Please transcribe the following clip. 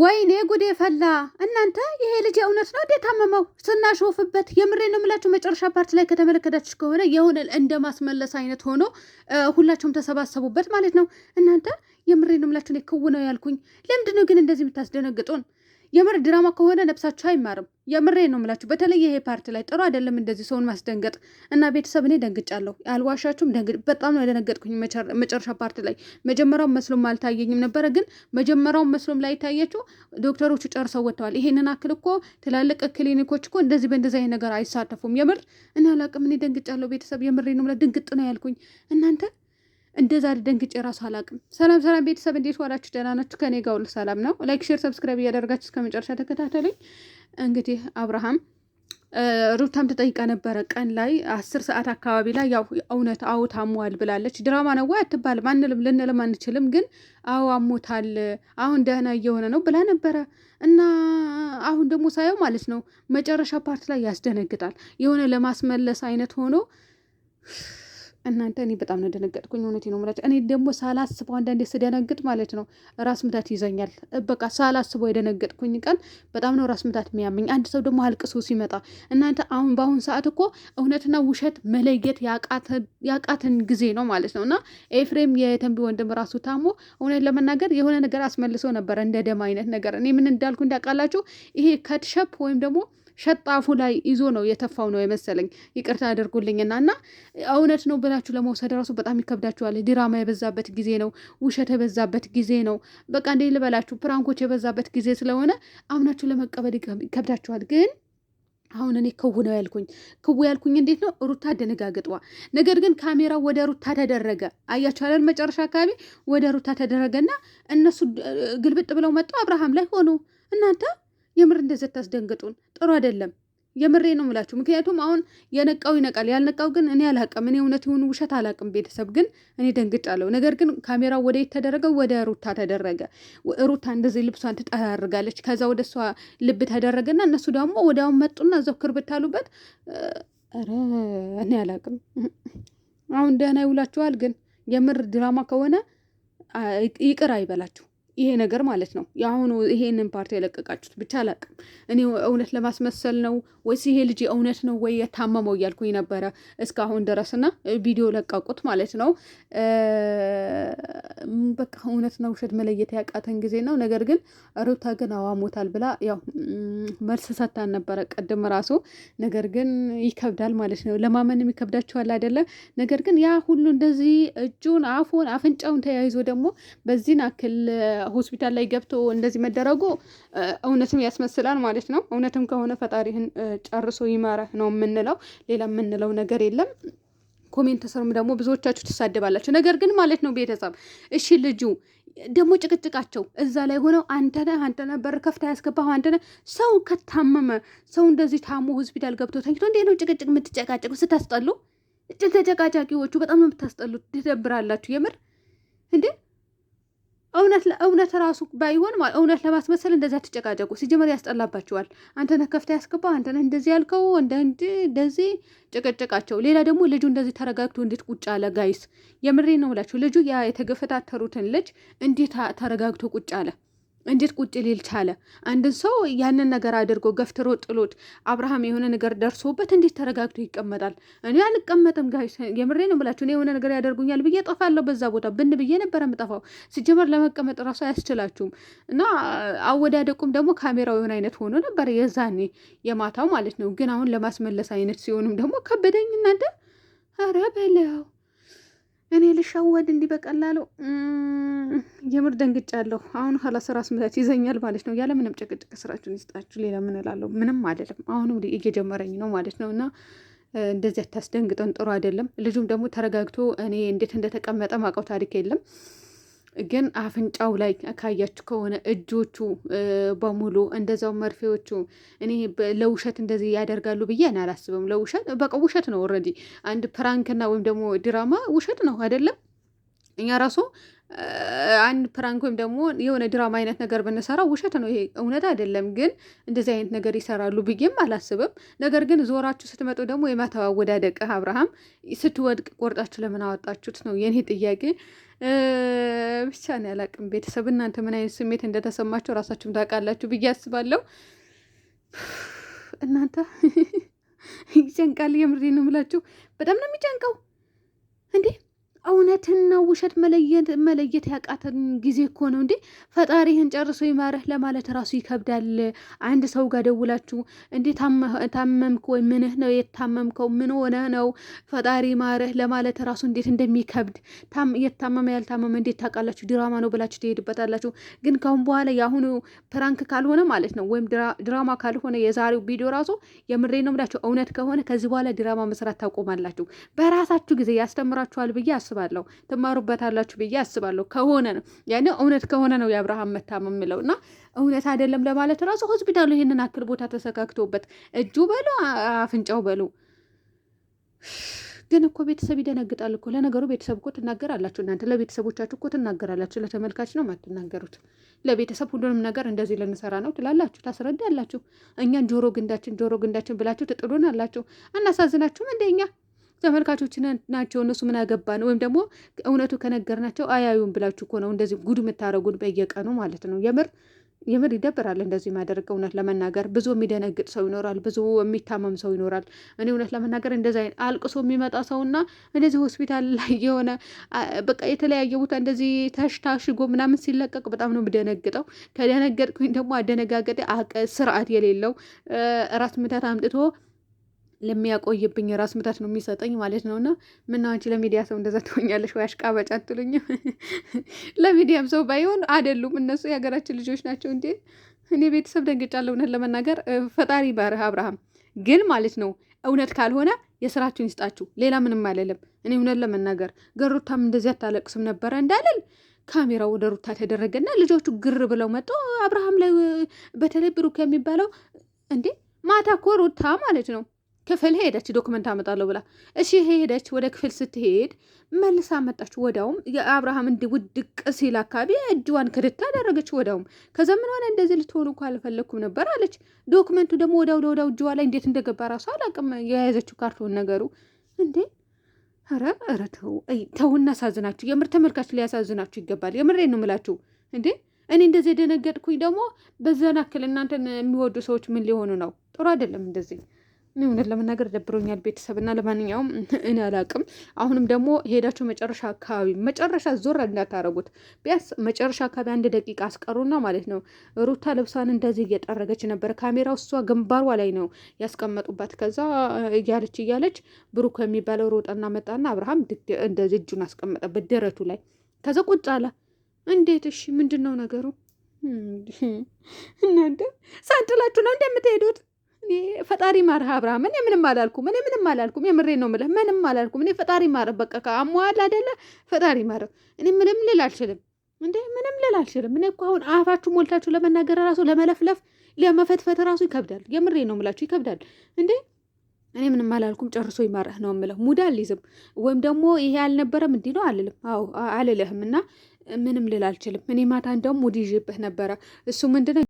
ወይኔ ጉዴ ፈላ። እናንተ ይሄ ልጅ እውነት ነው እንዴ ታመመው? ስናሾፍበት የምሬ ነው የምላችሁ። መጨረሻ ፓርት ላይ ከተመለከታችሁ ከሆነ የሆነ እንደ ማስመለስ አይነት ሆኖ ሁላቸውም ተሰባሰቡበት ማለት ነው። እናንተ የምሬ ነው የምላችሁ። እኔ ክው ነው ያልኩኝ። ለምንድን ነው ግን እንደዚህ የምታስደነግጡን? የምር ድራማ ከሆነ ነብሳችሁ አይማርም። የምሬ ነው የምላችሁ። በተለይ ይሄ ፓርቲ ላይ ጥሩ አይደለም እንደዚህ ሰውን ማስደንገጥ እና ቤተሰብ እኔ ደንግጫለሁ፣ አልዋሻችሁም። ደንግጥ በጣም ነው የደነገጥኩኝ መጨረሻ ፓርቲ ላይ። መጀመሪያው መስሎም አልታየኝም ነበረ፣ ግን መጀመሪያው መስሎም ላይ ታያችሁ። ዶክተሮቹ ጨርሰው ወጥተዋል። ይሄንን አክል እኮ ትላልቅ ክሊኒኮች እኮ እንደዚህ በእንደዚህ ነገር አይሳተፉም። የምር እና አላቅም እኔ ደንግጫለሁ። ቤተሰብ የምሬ ነው ድንግጥ ነው ያልኩኝ እናንተ እንደዛ ልደንግጬ ራሱ አላቅም ሰላም ሰላም ቤተሰብ እንዴት ዋላችሁ? ደህና ናችሁ? ከኔ ጋር ሁሉ ሰላም ነው። ላይክ፣ ሼር፣ ሰብስክራይብ እያደረጋችሁ እስከ መጨረሻ ተከታተሉኝ። እንግዲህ አብርሃም ሩታም ተጠይቃ ነበረ ቀን ላይ አስር ሰዓት አካባቢ ላይ ያው እውነት አዎ ታሟል ብላለች። ድራማ ነው ወይ አትባል ማንልም ልንልም አንችልም፣ ግን አዎ አሞታል፣ አሁን ደህና እየሆነ ነው ብላ ነበረ እና አሁን ደግሞ ሳየው ማለት ነው መጨረሻ ፓርት ላይ ያስደነግጣል። የሆነ ለማስመለስ አይነት ሆኖ እናንተ እኔ በጣም ነው ደነገጥኩኝ። እውነቴ ነው የምላቸው። እኔ ደግሞ ሳላስበው አንዳንዴ ስደነግጥ ማለት ነው ራስ ምታት ይዘኛል። በቃ ሳላስበው የደነገጥኩኝ ቀን በጣም ነው ራስ ምታት የሚያመኝ። አንድ ሰው ደግሞ አልቅሶ ሲመጣ እናንተ አሁን በአሁን ሰዓት እኮ እውነትና ውሸት መለየት ያቃትን ጊዜ ነው ማለት ነው። እና ኤፍሬም የተንቢ ወንድም ራሱ ታሞ እውነት ለመናገር የሆነ ነገር አስመልሶ ነበረ እንደ ደም አይነት ነገር። እኔ ምን እንዳልኩ እንዳውቃላችሁ ይሄ ከትሸፕ ወይም ደግሞ ሸጣፉ ላይ ይዞ ነው የተፋው ነው የመሰለኝ። ይቅርታ አድርጉልኝና እና እውነት ነው ብላችሁ ለመውሰድ ራሱ በጣም ይከብዳችኋል። ድራማ የበዛበት ጊዜ ነው፣ ውሸት የበዛበት ጊዜ ነው። በቃ እንዴ ልበላችሁ፣ ፕራንኮች የበዛበት ጊዜ ስለሆነ አምናችሁ ለመቀበል ይከብዳችኋል ግን አሁን እኔ ክው ነው ያልኩኝ። ክው ያልኩኝ እንዴት ነው ሩታ ደነጋግጧ። ነገር ግን ካሜራው ወደ ሩታ ተደረገ። አያቻለን መጨረሻ አካባቢ ወደ ሩታ ተደረገና እነሱ ግልብጥ ብለው መጡ አብርሃም ላይ ሆኑ እናንተ የምር እንደዚህ ታስደንግጡን ጥሩ አይደለም። የምሬ ነው ምላችሁ ምክንያቱም አሁን የነቃው ይነቃል፣ ያልነቃው ግን እኔ አላቅም። እኔ እውነት ይሁን ውሸት አላቅም። ቤተሰብ ግን እኔ ደንግጫለሁ። ነገር ግን ካሜራው ወደ የት ተደረገ? ወደ ሩታ ተደረገ። ሩታ እንደዚህ ልብሷን ትጠራርጋለች። ከዛ ወደ እሷ ልብ ተደረገና እነሱ ደግሞ ወዲያውን መጡና እዛው ክርብት አሉበት። ኧረ እኔ አላቅም። አሁን ደህና ይውላችኋል። ግን የምር ድራማ ከሆነ ይቅር አይበላችሁ። ይሄ ነገር ማለት ነው። የአሁኑ ይሄንን ፓርቲ የለቀቃችሁት ብቻ አላቅም እኔ እውነት ለማስመሰል ነው ወይስ ይሄ ልጅ እውነት ነው ወይ የታመመው እያልኩኝ ነበረ እስካሁን ድረስና ቪዲዮ ለቀቁት ማለት ነው። በቃ እውነት ነው ውሸት መለየት ያቃተን ጊዜ ነው። ነገር ግን ሩታ ግን አዋሞታል ብላ ያው መልስ ሰታን ነበረ ቀድም ራሱ ነገር ግን ይከብዳል ማለት ነው። ለማመንም ይከብዳችኋል አይደለ? ነገር ግን ያ ሁሉ እንደዚህ እጁን አፉን አፍንጫውን ተያይዞ ደግሞ በዚህን አክል ሆስፒታል ላይ ገብቶ እንደዚህ መደረጉ እውነትም ያስመስላል ማለት ነው። እውነትም ከሆነ ፈጣሪህን ጨርሶ ይማረህ ነው የምንለው። ሌላ የምንለው ነገር የለም። ኮሜንት ስርም ደግሞ ብዙዎቻችሁ ትሳደባላችሁ። ነገር ግን ማለት ነው ቤተሰብ እሺ፣ ልጁ ደግሞ ጭቅጭቃቸው እዛ ላይ ሆነው አንተነ አንተነ በር ከፍታ ያስገባህ አንተነ ሰው ከታመመ ሰው እንደዚህ ታሞ ሆስፒታል ገብቶ ተኝቶ እንዴት ነው ጭቅጭቅ የምትጨቃጨቁ? ስታስጠሉ ተጨቃጫቂዎቹ በጣም ነው የምታስጠሉት። ትደብራላችሁ የምር እንዴ እውነት ለእውነት ራሱ ባይሆን እውነት ለማስመሰል እንደዛ ትጨቃጨቁ። ሲጀመር ያስጠላባቸዋል። ነህ ከፍታ ያስገባ ነህ እንደዚህ ያልከው እንጂ እንደዚህ ጭቅጭቃቸው። ሌላ ደግሞ ልጁ እንደዚህ ተረጋግቶ እንዴት ቁጭ አለ? ጋይስ የምሬ ነው ምላችሁ። ልጁ ያ የተገፈታተሩትን ልጅ እንዴት ተረጋግቶ ቁጭ አለ? እንዴት ቁጭ ሊል ቻለ? አንድን ሰው ያንን ነገር አድርጎ ገፍትሮ ጥሎት አብርሃም የሆነ ነገር ደርሶበት እንዴት ተረጋግቶ ይቀመጣል? እኔ አልቀመጥም የምሬ ነው ብላችሁ እኔ የሆነ ነገር ያደርጉኛል ብዬ ጠፋለሁ። በዛ ቦታ ብን ብዬ ነበረ ምጠፋው። ሲጀመር ለመቀመጥ ራሱ አያስችላችሁም። እና አወዳደቁም ደግሞ ካሜራው የሆነ አይነት ሆኖ ነበር የዛኔ የማታው ማለት ነው። ግን አሁን ለማስመለስ አይነት ሲሆንም ደግሞ ከበደኝ እናንተ ኧረ በለው እኔ ልሻወድ እንዲህ በቀላሉ የምር ደንግጫለሁ። አሁን ኋላ ስራ ምታት ይዘኛል ማለት ነው። ያለምንም ጭቅጭቅ ስራችሁን ይስጣችሁ። ሌላ ምን እላለሁ? ምንም አይደለም። አሁንም እየጀመረኝ ነው ማለት ነው እና እንደዚህ አታስደንግጠን፣ ጥሩ አይደለም። ልጁም ደግሞ ተረጋግቶ እኔ እንዴት እንደተቀመጠ ማውቀው ታሪክ የለም ግን አፍንጫው ላይ ካያችሁ ከሆነ እጆቹ በሙሉ እንደዛው መርፌዎቹ። እኔ ለውሸት እንደዚህ ያደርጋሉ ብዬ አላስብም። ለውሸት በቃ ውሸት ነው ኦልሬዲ አንድ ፕራንክና ወይም ደግሞ ድራማ ውሸት ነው አይደለም እኛ ራሱ አንድ ፕራንክ ወይም ደግሞ የሆነ ድራማ አይነት ነገር ብንሰራው ውሸት ነው፣ ይሄ እውነት አይደለም። ግን እንደዚህ አይነት ነገር ይሰራሉ ብዬም አላስብም። ነገር ግን ዞራችሁ ስትመጡ ደግሞ የማታወዳደቅ አብርሃም ስትወድቅ ቆርጣችሁ ለምን አወጣችሁት ነው የኔ ጥያቄ። ብቻ ነው ያላቅም። ቤተሰብ እናንተ ምን አይነት ስሜት እንደተሰማችሁ ራሳችሁም ታውቃላችሁ ብዬ አስባለሁ። እናንተ ይጨንቃል፣ የምሬ ነው የምላችሁ። በጣም ነው የሚጨንቀው እንዴ እውነትና ውሸት መለየት ያቃተን ጊዜ እኮ ነው እንዴ! ፈጣሪህን ጨርሶ ይማረህ ለማለት ራሱ ይከብዳል። አንድ ሰው ጋር ደውላችሁ እንዴ ታመምክ ወይ? ምንህ ነው የታመምከው? ምን ሆነ ነው ፈጣሪ ማረህ ለማለት ራሱ እንዴት እንደሚከብድ የታመመ ያልታመመ እንዴት ታውቃላችሁ? ድራማ ነው ብላችሁ ትሄድበታላችሁ። ግን ካሁን በኋላ የአሁኑ ፕራንክ ካልሆነ ማለት ነው ወይም ድራማ ካልሆነ የዛሬው ቪዲዮ ራሱ የምሬ ነው ብላችሁ እውነት ከሆነ ከዚህ በኋላ ድራማ መስራት ታቆማላችሁ። በራሳችሁ ጊዜ ያስተምራችኋል ብዬ አስ አስባለሁ። ትማሩበታላችሁ ብዬ አስባለሁ። ከሆነ ነው ያኔ እውነት ከሆነ ነው የአብርሃም መታመም የምለው እና እውነት አይደለም ለማለት ራሱ ሆስፒታሉ ይህንን አክል ቦታ ተሰካክቶበት እጁ በሉ አፍንጫው በሉ። ግን እኮ ቤተሰብ ይደነግጣል እኮ። ለነገሩ ቤተሰብ እኮ ትናገራላችሁ እናንተ ለቤተሰቦቻችሁ እኮ ትናገራላችሁ። ለተመልካች ነው የማትናገሩት። ለቤተሰብ ሁሉንም ነገር እንደዚህ ልንሰራ ነው ትላላችሁ፣ ታስረዳላችሁ። እኛን ጆሮ ግንዳችን ጆሮ ግንዳችን ብላችሁ ትጥሉን አላችሁ። አናሳዝናችሁም እንደኛ ተመልካቾች ናቸው እነሱ ምን አገባን ወይም ደግሞ እውነቱ ከነገርናቸው አያዩም ብላችሁ እኮ ነው እንደዚህ ጉድ የምታደረጉን በየቀኑ ማለት ነው። የምር የምር ይደብራል እንደዚህ ማደረግ። እውነት ለመናገር ብዙ የሚደነግጥ ሰው ይኖራል፣ ብዙ የሚታመም ሰው ይኖራል። እኔ እውነት ለመናገር እንደዚ አይነት አልቅሶ የሚመጣ ሰውና እንደዚህ ሆስፒታል ላይ የሆነ በቃ የተለያየ ቦታ እንደዚህ ተሽታሽጎ ምናምን ሲለቀቅ በጣም ነው የሚደነግጠው። ከደነገጥኩኝ ደግሞ አደነጋገጤ አቀ ስርዓት የሌለው ራስ ምታት አምጥቶ ለሚያቆይብኝ ራስ ምታት ነው የሚሰጠኝ ማለት ነው። እና ምነው አንቺ ለሚዲያ ሰው እንደዛ ትሆኛለሽ ወይ አሽቃባጭ አትሉኝም? ለሚዲያም ሰው ባይሆን አይደሉም እነሱ የሀገራችን ልጆች ናቸው። እንዴ እኔ ቤተሰብ ደንግጫለሁ። እውነት ለመናገር ፈጣሪ ባርህ አብርሃም ግን ማለት ነው እውነት ካልሆነ የስራችሁን ይስጣችሁ። ሌላ ምንም አይደለም። እኔ እውነት ለመናገር ገሩታም እንደዚህ አታለቅስም ነበረ እንዳልል ካሜራው ወደ ሩታ ተደረገና ልጆቹ ግር ብለው መጡ። አብርሃም ላይ በተለይ ብሩክ የሚባለው እንዴ ማታ እኮ ሩታ ማለት ነው ክፍል ሄደች ዶክመንት አመጣለሁ ብላ። እሺ ሄደች። ወደ ክፍል ስትሄድ መልሳ መጣች። ወዳውም የአብርሃም እንዲ ውድቅ ሲል አካባቢ እጅዋን ክድት አደረገች። ወዳውም ከዛ ምን ሆነ እንደዚህ ልትሆኑ እኮ አልፈለግኩም ነበር አለች። ዶክመንቱ ደግሞ ወዳው ለወዳው እጅዋ ላይ እንዴት እንደገባ ራሱ አላቅም። የያዘችው ካርቶን ነገሩ እንዴ ኧረ ኧረ ተው ተው፣ እናሳዝናችሁ። የምር ተመልካች ሊያሳዝናችሁ ይገባል። የምሬ ነው የምላችሁ። እንዴ እኔ እንደዚህ የደነገጥኩኝ ደግሞ በዛን እናንተን የሚወዱ ሰዎች ምን ሊሆኑ ነው? ጥሩ አይደለም እንደዚህ እኔ እውነት ለመናገር ደብሮኛል ቤተሰብ እና ለማንኛውም እኔ አላቅም። አሁንም ደግሞ ሄዳችሁ መጨረሻ አካባቢ መጨረሻ ዞር እንዳታረጉት። ቢያንስ መጨረሻ አካባቢ አንድ ደቂቃ አስቀሩና ማለት ነው። ሩታ ልብሷን እንደዚህ እየጠረገች ነበር። ካሜራው እሷ ግንባሯ ላይ ነው ያስቀመጡባት። ከዛ እያለች እያለች ብሩክ የሚባለው ሮጠና መጣና አብርሃም እንደዚህ እጁን አስቀመጠበት ደረቱ ላይ። ከዛ ቁጭ አለ። እንዴት? እሺ ምንድን ነው ነገሩ? እናንተ ሳንጥላችሁ ነው እንደምትሄዱት ፈጣሪ ማርህ አብርሃም። እኔ ምንም አላልኩም፣ እኔ ምንም አላልኩም። የምሬ ነው የምልህ፣ ምንም አላልኩም። እኔ ፈጣሪ ማርህ በቃ ከአሟዋል አይደለ? ፈጣሪ ማርህ። እኔ ምንም ልል አልችልም፣ እንዴ ምንም ልል አልችልም። እኔ እኮ አሁን አፋችሁ ሞልታችሁ ለመናገር ራሱ ለመለፍለፍ ለመፈትፈት ራሱ ይከብዳል። የምሬ ነው የምላችሁ ይከብዳል እንዴ እኔ ምንም አላልኩም። ጨርሶ ይማረህ ነው የምለው። ሙድ አልይዝም ወይም ደግሞ ይሄ አልነበረም እንዲህ ነው አልልም። አዎ አልልህም እና ምንም ልል አልችልም። እኔ ማታ እንደውም ሙድ ይዤብህ ነበረ እሱ ምንድነው